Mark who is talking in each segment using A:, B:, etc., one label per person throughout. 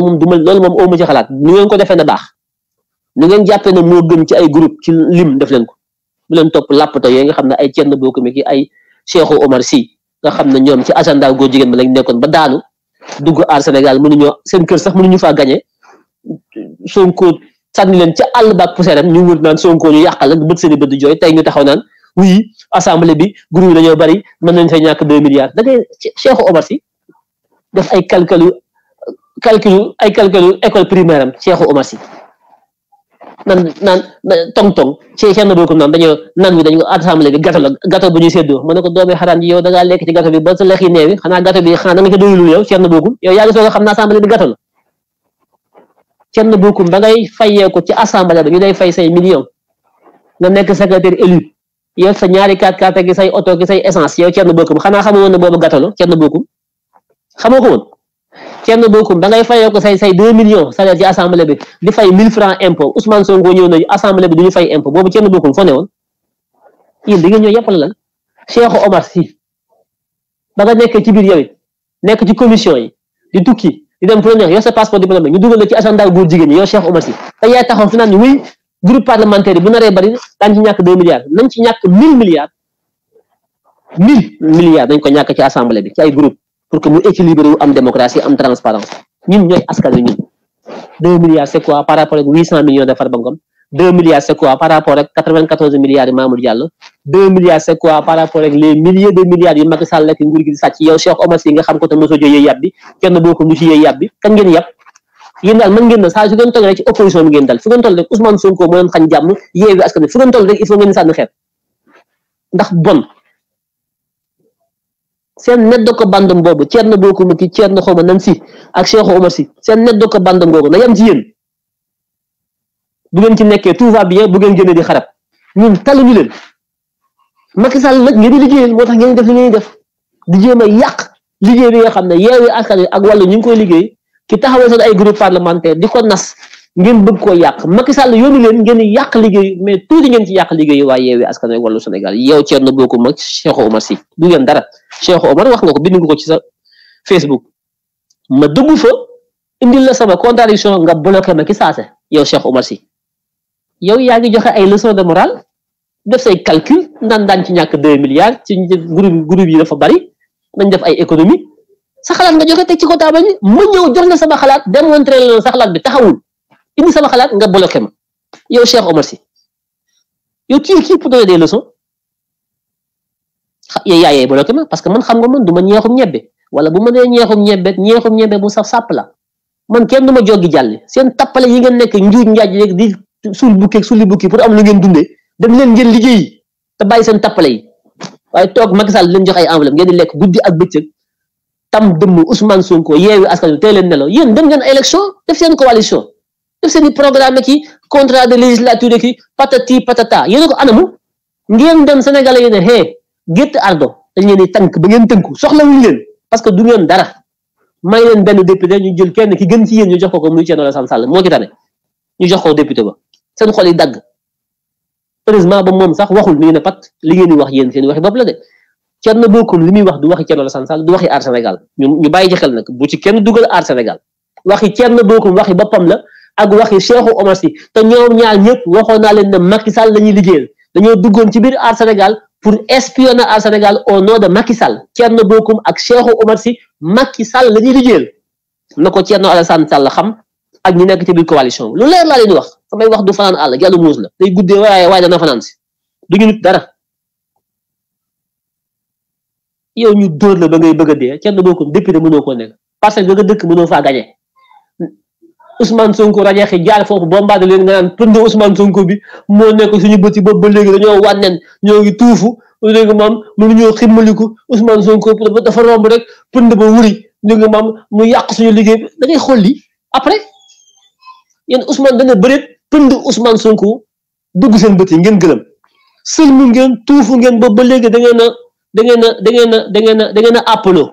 A: projet moom du ma loolu moom ooma ci xalaat ni ngeen ko defee na baax ni ngeen jàppee ne moo gën ci ay groupe ci lim def leen ko bu leen topp làppta yooyu nga xam na ay Thierno Bocoum ki ay Cheikhou Omar Sy nga xam ne ñoom ci agenda góor jigéen ba lañ nekkoon ba daanu dugg aar Sénégal mënuñoo seen kër sax ñu faa gañe Sonko sànni leen ca àll baak poussière ñu wër naan Sonko ñu yàqal la bët seen i bët jooy tey ñu taxaw naan oui assemblée bi groupe dañoo bari mën nañ fay ñàkk deux calcul ay calcul école primaire am Cheikhou Oumar Sy naan naan tong-tong ci seen bokkum naan dañoo nan bi dañ ko assemblée bi gâteau la gâteau bu ñuy séddoo ma na ko doomi xaraan ji yow da ngaa lekk ci gâteau bi ba sa lex yi xanaa gâteau bi xanaa da xam ne assemblée bi gâteau la seen bokkum ba ngay fayee ko ci assemblée bi ñu day fay say millions nga nekk secrétaire élu yow sa ñaari quatre quatre gi say oto gi say essence yow seen bokkum xanaa xamoo woon ne boobu gâteau la seen bokkum xamoo ko woon Thierno Bocoum da ngay fay ko say say deux millions salaire ci assemblée bi di fay mille francs impôt Ousmane Sonko ñëw nañu assemblée bi du ñu fay impôt boobu Thierno Bocoum foo ne woon yéen da ngeen ñëw yàppal lan Cheikh Omar Sy ba nga nekkee ci biir yow it nekk ci commission yi di tukki di dem fu la neex sa passeport diplôme ñu dugal la ci agenda góor jigéen ñi yow Cheikh Omar Sy te yaay taxaw fi groupe parlementaire bu naree bari daañu ci ñàkk deux milliards nañ ci ñàkk mille milliards mille dañ ko ñàkk ci assemblée bi ci ay groupe pour que mu équilibré am démocratie am transparence ñun ñooy askan wi ñun deux milliards c'est par rapport ak huit cent millions de Farba Ngom deux milliards c'est par rapport ak quatre vingt milliards yi Mamour Diallo deux nguur gi di sàcc yow Cheikh Omar nga xam ko te mosoo jëyee yàb kenn boo ko musi yëy yàb bi kan ngeen yàpp yéen daal mën ngeen na saa su ngeen toll ci opposition bi ngeen dal fu ngeen toll rek Ousmane Sonko moo xañ jàmm Yewwi seen net da ko bandam boobu na Bocoum ki Thierno xawma nan si ak Cheikh Omar si seen net da ko bandam googu na yem ci yéen bu ngeen ci nekkee tout va bien bu ngeen génnee di xarab ñun taluñu leen Macky Sall nag ngeen di liggéeyal moo tax def li ngeen def di jéem a yàq liggéey bi nga xam ne yeewi askan wi ak wàllu ñu ngi koy liggéey ki taxawal seen ay groupe parlementaire di ko nas ngeen bëgg koo yàq Macky Sall yónni leen ngeen yàq liggéey mais tuuti ngeen ci yàq liggéey waa yeewi askan wi wàllu Sénégal yow Thierno Bocoum ak Cheikh Omar si du ngeen dara Cheikh Omar wax nga ko bind nga ko ci sa Facebook ma dugg fa indi la sama contradiction nga bloqué ma ki saase yow Cheikh Omar si yow yaa ngi joxe ay leçon de morale def say calcul naan daan ci ñàkk deux milliards ci groupe groupe yi dafa bari nañ def ay économie sa xalaat nga joxe teg ci ko taabal ni ma ñëw jox la sama xalaat démontré la sa xalaat bi taxawul indi sama xalaat nga bloqué ma yow Cheikh Omar si yow tu es qui pour donner yee yaayee bloqué ma parce que man xam nga man du ma ñeexum ñebbe wala bu ma nee ñeexum ñebbe ñeexum ñebbe bu saf la man kenn du ma joggi jàll seen tappale yi ngeen nekk njuuj njaaj léegi di suul bukki ak suuli bukki pour am lu ngeen dundee dem leen ngeen liggéeyi te bàyyi seen tappale yi waaye toog Macky Sall leen jox ay enveloppe ngeen di lekk guddi ak bëccëg tam dëmm Ousmane Sonko yeewi askan wi tey leen nelaw yéen dem ngeen élection def seen coalition def seen i programme ki contrat de législature ko anamu ngeen dem gétt ardo dañ leen di tànk ba ngeen tënku soxlawuñu leen parce que du ngeen dara may leen benn député ñu jël kenn ki gën ci yéen ñu jox ko ko muy Thierno Alassane Sall moo ci tane ñu jox ko député ba seen xol dagg dagg heureusement ba moom sax waxul mi ngi ne pat li ngeen di wax yéen seen waxi bopp la de Thierno bokkul li wax du waxi Thierno Alassane Sall du waxi aar Sénégal ñu ñu bàyyi ci xel nag bu ci kenn dugal aar Sénégal waxi Thierno bokkul waxi boppam la ak waxi Cheikhou Omar Sy te ñoom ñaar ñëpp waxoon naa leen ne Macky Sall la ñuy liggéeyal dañoo duggoon ci biir aar Sénégal pour espionner à Sénégal au nom de Macky Sall Thierno Bocoum ak Cheikhou Oumar Sy Macky Sall la ñuy liggéeyal na ko Thierno Alassane Sall xam ak ñu nekk ci biir coalition lu leer laa leen wax samay wax du fanaan àll jàllu muus la day guddee waaye waaye dana fanaan si du ñu nit dara yow ñu dóor la ba ngay bëgg a dee Thierno Bocoum député mënoo koo nekk parce que dëkk mënoo faa gañe Ousmane Sonko rajaxe jaar foofu bombardé leen nga naan pënd Ousmane Sonko bi moo nekk suñu bëti ba ba léegi dañoo wànneen ñoo ngi tuufu léegi maam mënuñoo ximmaliku Ousmane Sonko dafa romb rek pënd ba wuri léegi maam mu yàq suñu liggéey bi da ngay xool li après yéen Ousmane dana bëreet pënd Ousmane Sonko dugg seen bët yi ngeen gëlëm mu ngeen tuufu ngeen ba ba léegi da ngeen a da ngeen a da ngeen a da ngeen a da ngeen a appaloo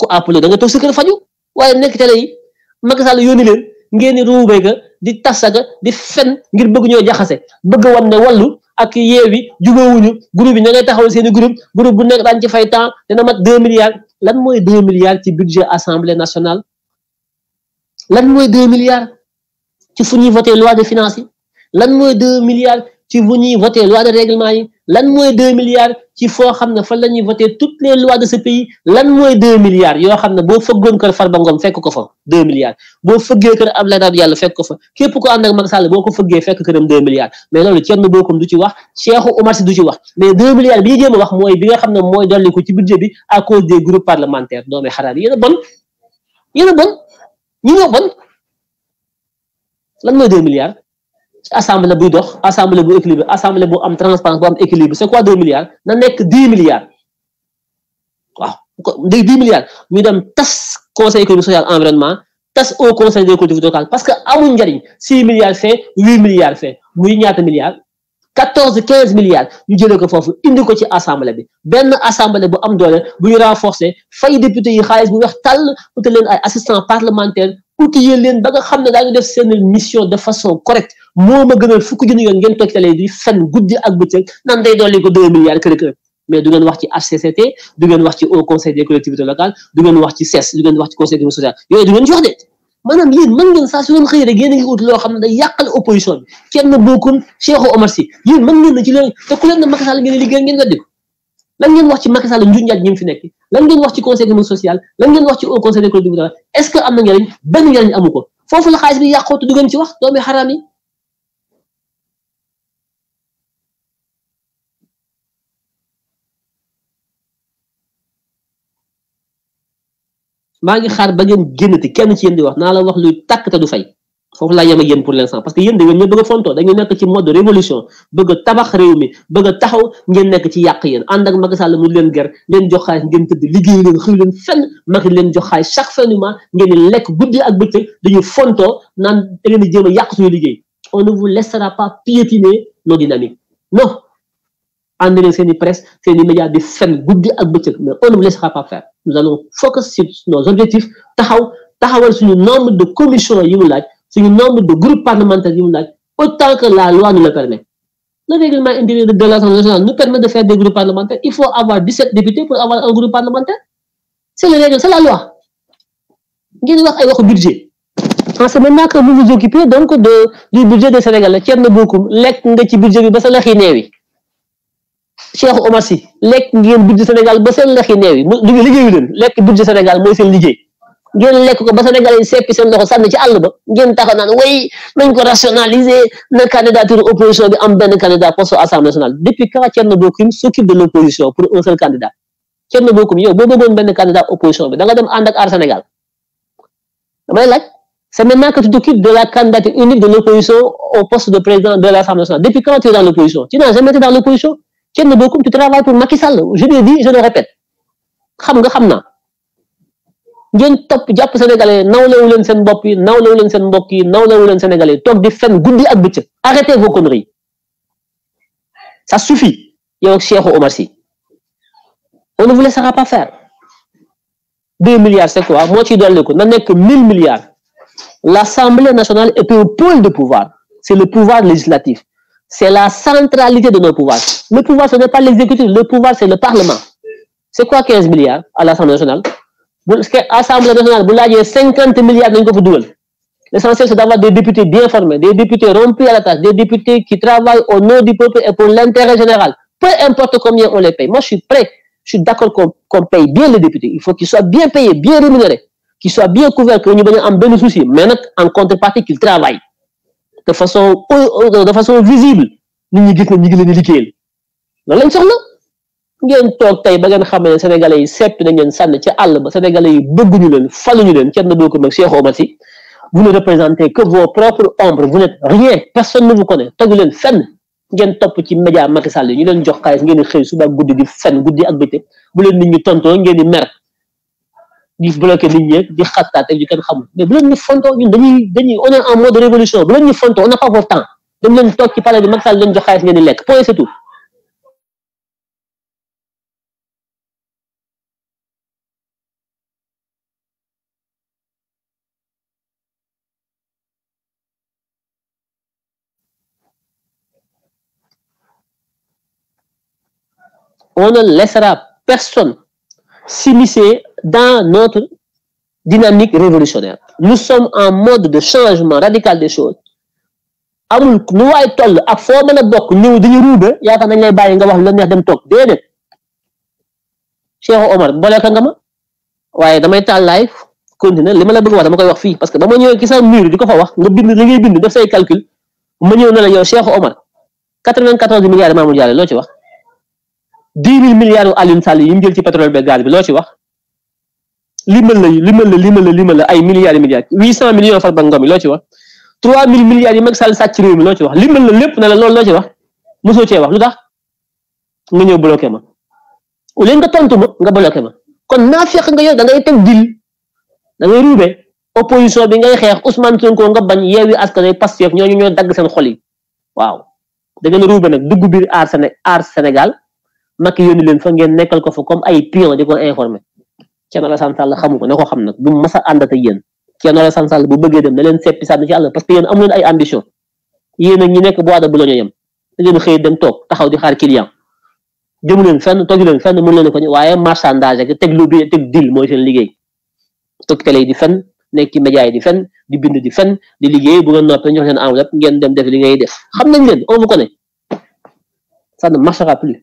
A: ko appaloo da nga toog sa kër faju waaye nekk tele Macky Sall yónni leen ngeen di ruubee ka di tasaka di fenn ngir bëgg ñoo jaxase bëgg wan ne wallu ak yeewi wuñu groupe yi ña ngay taxawal seen i groupe groupe bu nekk daan ci fay temps dina mat deux milliards lan mooy deux milliards ci budget assemblée nationale lan mooy deux milliards ci fu ñuy voté finance lan mooy deux milliards ci bu ñuy voté loi de règlement yi lan mooy deux milliards ci foo xam na fan la ñuy voté toutes les lois de ce pays lan mooy deux milliards yoo xam ne boo fëggoon kër Farba Ngom fekk ko fa deux milliards boo fëggee kër Abdoulaye Daouda Diallo fekk ko fa képp ko ànd ak Macky Sall boo ko fëggee fekk këram deux milliards mais loolu Thierno Bocoum du ci wax Cheikhou Oumar Sy du ci wax mais deux milliards bi ñu jéem a wax mooy bi nga xam ne mooy a bon a bon ñi ñoo bon lan mooy deux milliards assemblée buy dox assemblée bu équilibre assemblée bu am transparence bu am équilibre c'est quoi deux milliards na nekk dix milliards waaw dix milliards ñu dem tas conseil économique social environnement tas au conseil des collectivités locales parce que amul njariñ six milliards fait huit milliards fait muy ñaata milliards quatorze quinze milliards ñu jëlee ko foofu indi ko ci assemblée bi benn assemblée bu am doole bu ñu renforcer fay député yi xaalis bu weex tàll utal leen ay assistants outillé leen ba nga xam ne daañu def seen mission de façon correcte moo ma gënal fukki junni yoon ngeen toog di fenn guddi ak bëccëg nan day dolli ko deux milliards kër kër mais du ngeen wax ci HCCT du ngeen wax ci Haut Conseil des collectivités locales du ngeen wax ci CES du ngeen wax ci conseil économique social yooyu du ngeen ci wax de maanaam yéen mën ngeen saa su doon xëy ngi ut loo xam ne day yàqal opposition bi kenn bokkul Cheikh Omar lan ngeen wax ci Macky Sall njunjaaj ñi mu fi nekk lan ngeen wax ci conseil économique social lan ngeen wax ci haut conseil des collectivités locales est-ce que am la xaalis bi yàqoo te du ngeen ci maa ngi xaar ba ngeen génnati kenn ci yéen di wax naa la wax luy tàkk te du fay foofu laa yem ak yéen pour l'instant parce que yéen da ngeen ñu bëgg a dañu nekk ci mode révolution bëgg tabax réew mi bëgg taxaw ngeen nekk ci yàq yéen ànd ak Macky Sall mu leen ger leen jox xaalis ngeen tëdd liggéeyu leen xëy leen fenn Macky leen jox xaalis chaque fin du mois ngeen di lekk guddi ak bëccëg dañuy fontoo naan da ngeen di jéem a yàq suñu liggéey on ne vous laissera pas piétiner nos dynamiques non ànd leen seen i presse seen i médias di fenn guddi ak bëccëg mais on ne vous laissera pas faire nous allons focus sur nos taxawal suñu nombre de commission yi mu laaj suñu nombre de groupes parlementaires yu mu laaj autant que la loi nous le permet le règlement intérieur de l'Assemblée nationale nous permet de faire des groupes parlementaires il faut avoir 17 députés pour avoir un groupe parlementaire c'est le règlement c'est la loi ngeen wax ay waxu budget en ce moment que vous vous occupez donc de du budget des Sénégalais Thierno Bocoum lekk nga ci budget bi ba sa lexi neewi Cheikh Omar lekk ngeen budget Sénégal ba seen lexi neewi liggéeyu leen lekk budget Sénégal mooy seen liggéey ngeen lekk ko ba Sénégal yi seppi seen loxo sànni ci àll ko rationaliser na candidature opposition bi am benn candidat poste assemblée nationale depuis quand Thierno Bocoum s'occupe de l'opposition pour un seul candidat Thierno Bocoum yow boo bëggoon benn candidat opposition bi da nga dem ànd ak Sénégal damay laaj c'est maintenant que de la candidature unique de l'opposition au poste de président de l'Assemblée nationale depuis quand tu dans l'opposition tu n'as xam nga ngeen topp jàpp sénégalais nawlewu leen seen bopp yi nawlewu leen seen mbokk yi nawlewu leen sénégalais yi toog di fen guddi ak bëccëg arrêtez vos conneries ça suffit yow ak Cheikh Omar Sy on ne vous laissera pas faire milliards c'est quoi moo ciy dolliku na nekk mille milliards l'Assemblée nationale est un pôle de pouvoir c'est le pouvoir législatif c'est la centralité de nos pouvoirs le pouvoir ce n'est pas l'exécutif le pouvoir c'est le parlement c'est quoi quinze bu assemblée nationale bu laajee cinquante milliards nañu ko fa dugal d'avoir des députés bien formés des députés rompus à la tâche des députés qui travaillent au nom du peuple et pour l'intérêt général peu importe combien on les paye moi je suis prêt je suis d'accord qu'on paye bien les députés il faut qu'ils soient bien payés bien rémunérés qu'ils soient bien couverts que ñu bañ a am souci mais nag en contrepartie qu'ils travaillent de façon visible ne ñu ngeen toog tey ba ngeen xam ne sénégalais yi seppi nañ leen sànni ci àll ba sénégalais yi bëgguñu leen faluñu leen Thierno Bocoum ak Cheikh Oumar Sy vous ne représentez que vos propres ombres vous n'êtes rien personne ne vous connaît tegu leen ngeen topp ci média Macky Sall yi ñu leen jox xaalis ngeen di xëy suba guddi di fenn guddi ak bëccëg bu leen nit ñi tontoo ngeen di mer di bloqué nit ñi di xattaat ak yu kenn xamul mais bu leen ñu fontoo dañuy dañuy en mode révolution n'a pas votre temps dem leen toog ci palais bi lekk point c'est on ne laissera personne s'immiscer dans notre dynamique révolutionnaire. Nous sommes en mode de changement radical des choses. amul nu waay toll ak foo mën a bokk ñëw dañu ruube yaakaar nañ lay bàyyi nga wax na neex dem toog déedéet Cheikh Omar boole ka nga ma waaye damay taal live continuer li ma la bëgg wax dama koy wax fii parce que ba ma ñëwee ci sa mur di ko fa wax nga bind li ngay bind def calcul ma ñëw ne la yow Cheikh Omar quatre-vingt-quatorze loo ci wax dix mille milliards Alioune Sall yi mu jël ci pétrole be gaz bi loo ci wax limal la limal la limal la limal la ay milliards yi milliards huit cent millions Farba Ngom yi loo ci wax trois mille milliards yi Macky Sall sàcc réew mi loo ci wax limal la lépp ne la loolu loo ci wax nga ñëw bloqué ma au lieu nga tontu ma nga bloqué ma kon naa fekk nga yow da ngay teg dil da ngay ruube opposition bi ngay xeex Ousmane Sonko nga bañ yeewi askan wi Pastef ñooñu ñoo dagg seen xol yi waaw da ngeen ruube nag dugg biir aar Séné aar Sénégal Macky yónni leen fa ngeen nekkal ko fa comme ay pion di ko informer Thierno Alassane Sall xamu ko na ko xam nag bu mu mës a àndata yéen Thierno Alassane Sall bu bëggee dem na leen seppi sànni ci àll parce que yéen amu leen ay ambition yéen ak ñi nekk bois de Boulogne yem da ngeen xëy dem toog taxaw di xaar client jëmu leen fenn togi leen fenn mën leen ko waaye marchandage ak teg lu bi mooy seen liggéey toog télé yi di fenn nekk ci média yi di fenn di bind di fenn di liggéey bu ngeen noppee ñox leen enveloppe ngeen dem def li ngay def xam nañ leen on ko connaît ça ne marchera plus